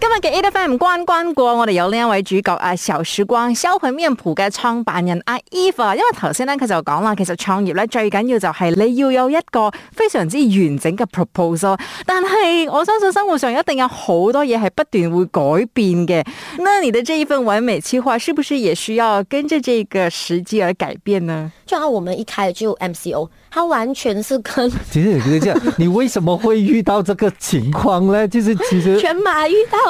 今日嘅 A. F. M. 關關過，我哋有呢一位主角啊，小時光燒燴麵鋪嘅創辦人阿 Eve。因為頭先咧，佢就講啦，其實創業咧最緊要就係你要有一個非常之完整嘅 proposal。但係我相信生活上一定有好多嘢係不斷會改變嘅。那你的這一份完美計劃，是不是也需要跟着這個時機而改變呢？就係我們一開始做 M. C. O，他完全是跟其實，你你為什麼會遇到這個情況咧？就是其實 全馬遇到。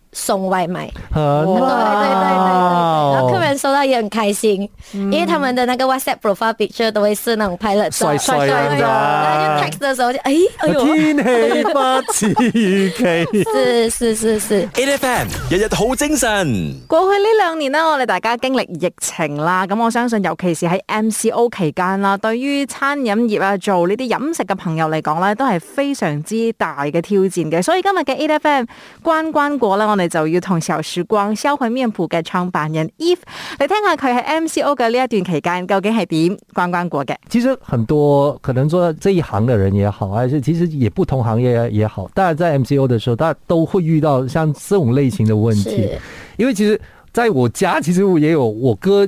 送外賣，哇、uh, wow！然後客人收到也很開心，嗯、因為他們的那個 WhatsApp profile picture 都會是那種拍立。帥帥啦！text 的時候就，哎，哎喲。天氣不似預期是是是是。A F M 日日好精神。過去呢兩年啦，我哋大家經歷疫情啦，咁我相信，尤其是喺 M C O 期間啦，對於餐飲業啊做呢啲飲食嘅朋友嚟講咧，都係非常之大嘅挑戰嘅。所以今日嘅 A F M 關關過啦，我哋。我哋就要同小時光銷毀面簿嘅創辦人 Eve，你聽下佢喺 MCO 嘅呢一段期間究竟係點關關過嘅。其實很多可能做呢一行嘅人也好，還是其實也不同行業也好，大家在 MCO 嘅時候，大家都會遇到像這種類型的問題。因為其實在我家，其實我也有我哥。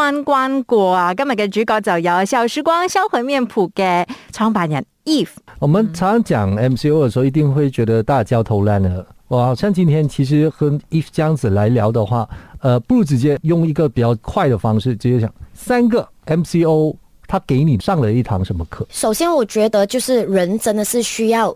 參觀過啊！今日嘅主角就有《小時光》銷毀面譜嘅創辦人 Eve。我們常常講 MCO 嘅時候，一定會覺得大焦頭爛額。我好像今天其實和 Eve 這樣子來聊嘅話、呃，不如直接用一個比較快嘅方式，直接講三個 MCO，他給你上了一堂什麼課？首先，我覺得就是人真的是需要。